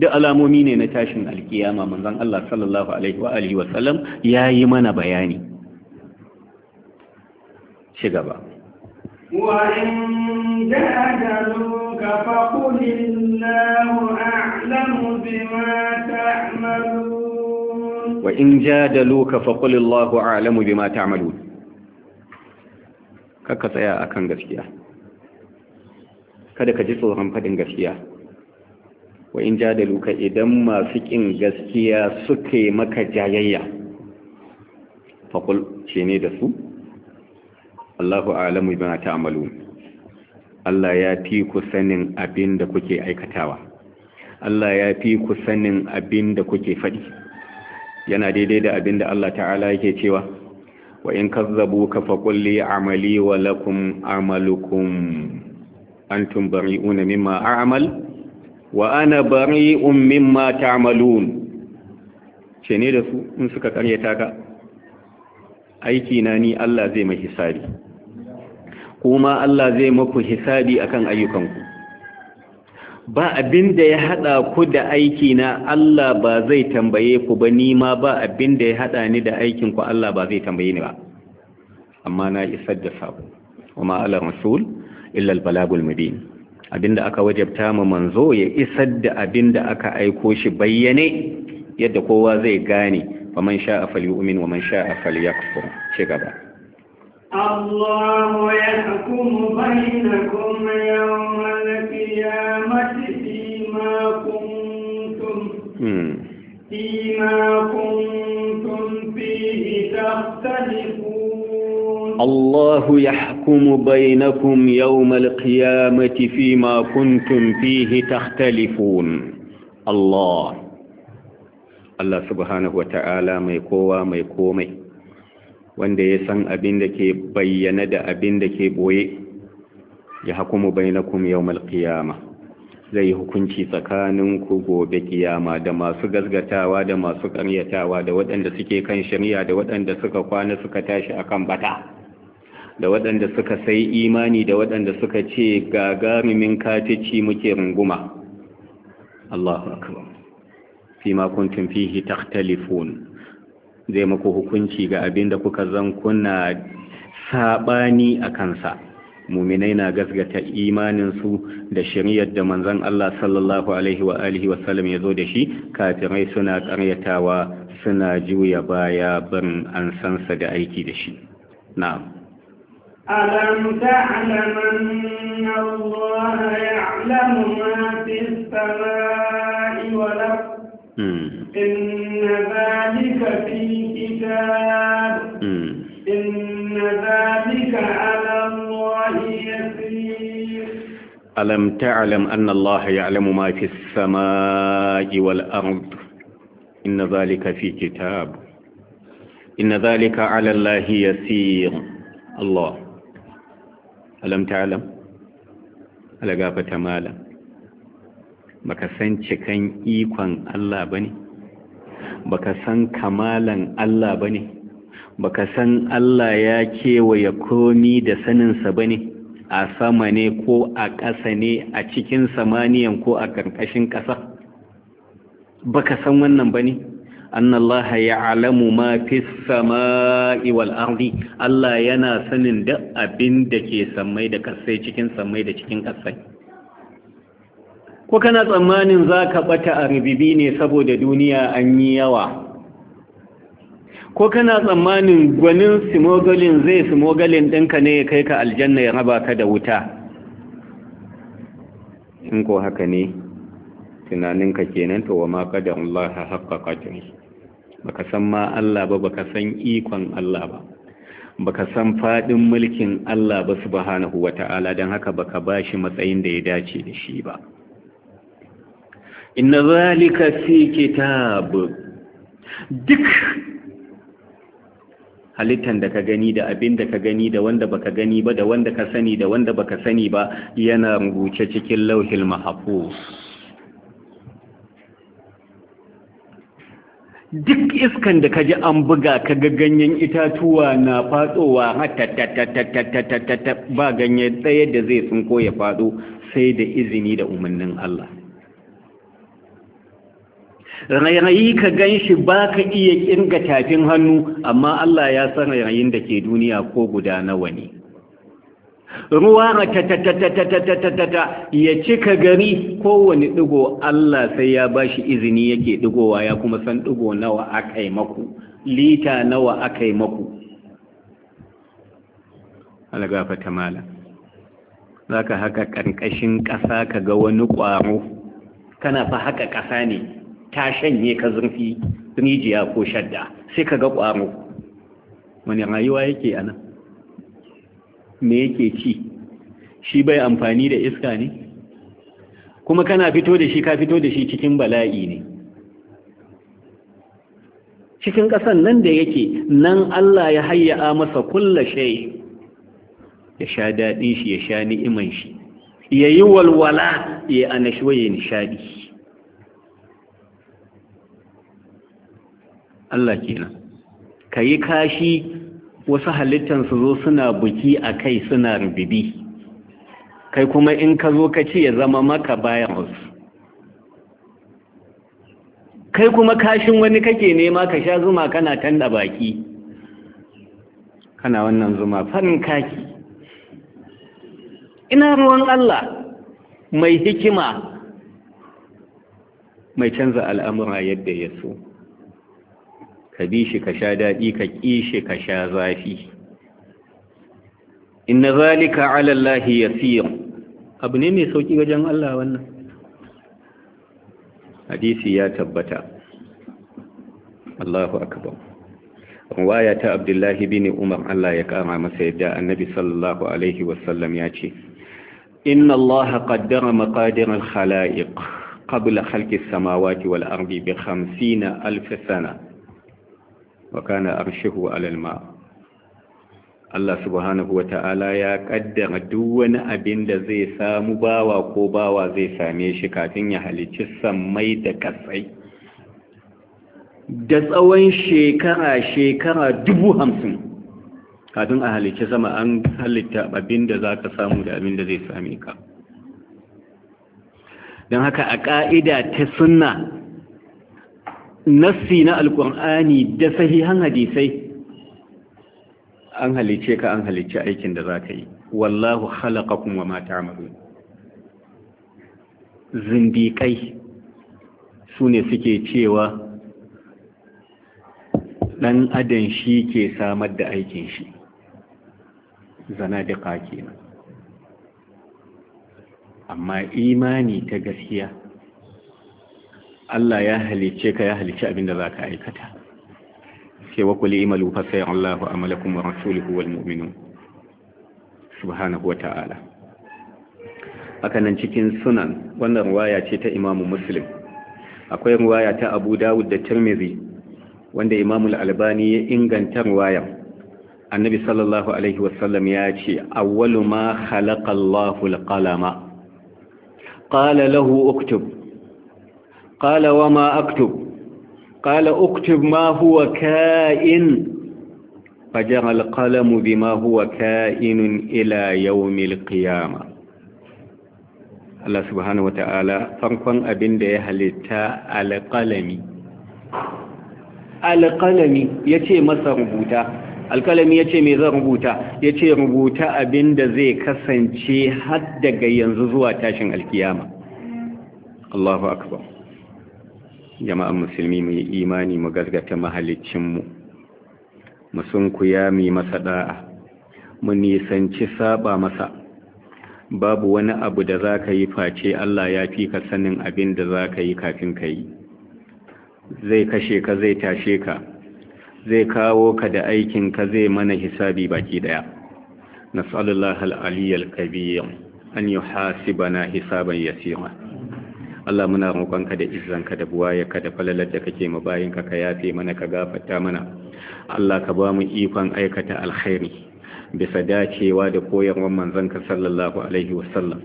da alamomi ne na tashin alkiyama manzan Allah sallallahu alaihi wa alihi wa sallam yayi mana bayani Shi gaba وإن جادلوك فقل الله أعلم بما تعملون وإن جادلوك فقل الله bi mata تعملون كك tsaya kan gaskiya kada ka ji tsoron faɗin gaskiya wa in jadaluka idan masu kin gaskiya suka yi maka jayayya faƙul ce ne da su Allahu alamu bima ta'malu Allah ya fi ku sanin abin da kuke aikatawa Allah ya fi ku sanin abin da kuke faɗi yana daidai da abin da Allah ta'ala yake cewa wa in ka faqul li amali wa lakum amalukum antum bari'una mimma a'mal wa ana ummin mata ta'malun ce ne da su in suka karyata ka aiki na ni Allah zai mai hisabi kuma Allah zai maku hisabi akan ayyukanku ba abin da ya hada ku da aiki na Allah ba zai tambaye ku ba ni ma ba abin da ya hada ni da aikinku, Allah ba zai tambaye ni ba amma na isar da sabo wa Allah rasul illa al balagul mubin abinda aka wajabta ma manzo ya isar da abinda aka aiko shi bayyane yadda kowa zai gane wa man sha'a falyu'min wa man sha'a falyakfur ci gaba Allah ya bainakum yawma al-qiyamati fima kuntum hmm. fima kuntum fihi takhtalifun الله يحكم بينكم يوم القيامة فيما كنتم فيه تختلفون الله Allah subhanahu wa ta'ala mai kowa mai komai wanda ya san abin da ke bayyana da abin da ke boye ya hakumu bainakum yawmal qiyama zai hukunci tsakanin ku gobe kiyama da masu gasgatawa da masu ƙaryatawa da waɗanda suke kan shari'a da waɗanda suka kwana suka tashi akan bata da waɗanda suka sai imani da waɗanda suka ce gagarumin katici muke runguma Allahu akbar fi ma kuntum fihi takhtalifun zai muku hukunci ga abin da kuka zan kuna sabani a kansa muminai na gasgata imaninsu da shari'ar da manzon Allah sallallahu alaihi wa alihi wa sallam ya zo da shi kafirai suna karyatawa suna juya baya barin an sansa da aiki da shi na'am ألم تعلم أن الله يعلم ما في السماء والأرض إن ذلك في كتاب إن ذلك على الله يسير ألم تعلم أن الله يعلم ما في السماء والأرض إن ذلك في كتاب إن ذلك على الله يسير الله alam ta'alam alagafa ta malam baka san cikan ikon Allah bane baka san kamalan Allah bane baka san Allah ya kewaye komi da saninsa bane a sama ne ko a ƙasa ne a cikin samaniyan ko a ƙarƙashin ƙasa baka san wannan bane an Allah ya alamu ma fi sama’i wal’ardi, Allah yana sanin da abin da ke sammai da ƙasai cikin sammai da cikin ƙasai. Ko kana tsammanin za ka ɓata a rububi ne saboda duniya an yi yawa? Ko kana tsammanin gwanin simogalin zai simogalin ɗinka ne ya kai ka aljanna ya raba ka da wuta? In ko haka ne, tunaninka kenan to wa ma kadan Allah haƙaƙa ta baka san ma Allah ba baka san ikon Allah ba baka san fadin mulkin Allah ba subhanahu wata'ala dan haka baka bashi matsayin da ya dace da shi ba inna zalika fi kitab duk halittan da ka gani da abin da ka gani da wanda baka gani ba da wanda ka sani da wanda baka sani ba yana rubuce cikin lauhil mahfuz duk iskan da kaji an buga ka ga ganyen itatuwa na fadowa ta ba ganye ɗaya da zai tsinko ya fado sai da izini da umarnin Allah rayayi ka gan shi ba ka iya ƙinga tafin hannu amma Allah ya san rayayin da ke duniya ko guda nawa ne ruwa ta ya cika gari kowane ɗigo Allah sai ya bashi izini yake digowa ya kuma san ɗigo nawa a maku lita nawa a yi maku algafa ta mala zaka haka karkashin ƙasa ka ga wani ƙwaro kana fa haka ƙasa ne ta shanye ka zurfi rijiya ko shadda sai ka ga ƙwaro wani rayuwa yake anan me yake ci shi bai amfani da iska ne kuma kana fito da shi ka fito da shi cikin bala'i ne cikin ƙasan nan da yake nan Allah ya hayya masa kulla shai ya sha daɗin shi ya sha ni'iman shi ya yi walwala ya anashuwa ya nishaɗi Allah kenan ka yi kashi wasu halittan su zo suna buki a kai suna rubibi kai kuma in ka zo ka ce ya zama maka bayan wasu kai kuma kashin wani kake nema ka sha zuma kana tanda baki kana wannan zuma farin kaki ina ruwan Allah mai hikima mai canza al'amura yadda ya so ka bi shi ka sha daɗi ka ƙi shi ka sha zafi inna zalika ala Allah yasir abu ne mai sauki wajen Allah wannan hadisi ya tabbata Allahu akbar riwaya ta Abdullahi bin Umar Allah ya kama masa yadda Annabi sallallahu alaihi wasallam ya ce inna Allah qaddara maqadir al-khalaiq qabla khalqi as-samawati wal ardi bi 50 alf sana wa kana arshihu alal ma Allah subhanahu wa ta'ala ya kaddara duk wani abin da zai samu bawa ko bawa zai same shi kafin ya halicci sammai da katsai da tsawon shekara shekara dubu hamsin kafin a halicci sama an halitta abin da za samu da abin da zai same ka don haka a ƙa'ida ta sunna nassi na alkur'ani da sahihan hadisai an halice ka an halice aikin da za ka yi wallahu halakakun wa mata amaru zindiƙai su ne suke cewa ɗan adam shi ke samar da aikin shi zana da kake amma imani ta gaskiya Allah ya halice ka ya halice abin da za ka aikata sai wa kuli imalu fa sai Allahu amalakum wa rasuluhu wal mu'minun subhanahu wa ta'ala hakanan cikin sunan wannan ruwaya ce ta Imam Muslim akwai ruwaya ta Abu Dawud da Tirmidhi wanda Imamu Al-Albani ya inganta ruwayar Annabi sallallahu alaihi wasallam ya ce awwalu ma khalaqa Allahu al-qalama qala lahu uktub قال وما أكتب قال أكتب ما هو كائن فجرى القلم بما هو كائن إلى يوم القيامة Allah subhanahu wa ta'ala farkon abin da ya halitta alƙalami alƙalami ya ce masa rubuta alƙalami ya ce mai zan rubuta ya ce rubuta abin da zai kasance har daga yanzu zuwa tashin alƙiyama. Allahu akbar jama'an musulmi mu yi imani mu gargata mahalicinmu mu sunkuya mu masa da'a mu nisanci saba masa babu wani abu da za ka yi face Allah ya fi ka sanin abin da za ka yi kafin ka yi zai kashe ka zai tashe ka zai kawo ka da aikin ka zai mana hisabi baki daya nasallallahu al-aliyyal kabir an yuhasibana hisaban yasira Allah muna roƙonka da izzanka da buwayarka da falalar da kake ma bayinka ka yafe mana ka gafarta mana Allah ka ba mu ikon aikata alkhairi bisa dacewa da koyarwar manzanka sallallahu alaihi wasallam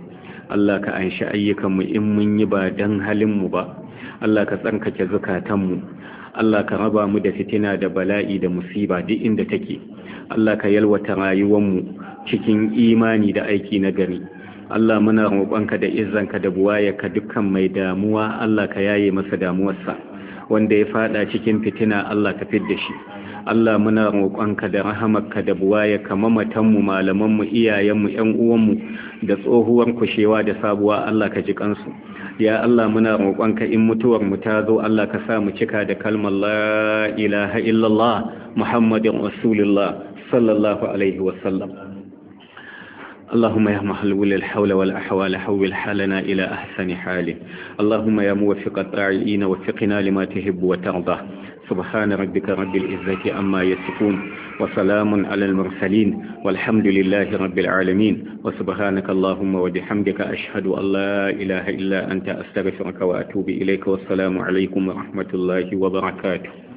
Allah ka anshi ayyukanmu in mun yi ba dan halin mu ba Allah ka tsankace mu Allah ka raba mu da fitina da bala'i da musiba duk inda take Allah ka yalwata rayuwar mu cikin imani da aiki na gari Allah muna roƙonka da izzanka da ka dukkan mai damuwa Allah ka yaye masa damuwarsa wanda ya fada cikin fitina Allah ka da shi Allah muna roƙonka da rahamarka da mamatan malaman mamatanmu malamanmu iyayenmu ƴan uwanmu da tsohuwar kushewa da sabuwa Allah ka ji kansu ya Allah muna roƙonka in mutuwar mu ta zo Allah ka sa mu cika da kalmar la ilaha illallah muhammadin rasulullah sallallahu alaihi wasallam اللهم يا محلول الحول والأحوال حول حالنا إلى أحسن حاله اللهم يا موفق الطاعين وفقنا لما تهب وترضى سبحان ربك رب العزة أما يصفون وسلام على المرسلين والحمد لله رب العالمين وسبحانك اللهم وبحمدك أشهد أن لا إله إلا أنت أستغفرك وأتوب إليك والسلام عليكم ورحمة الله وبركاته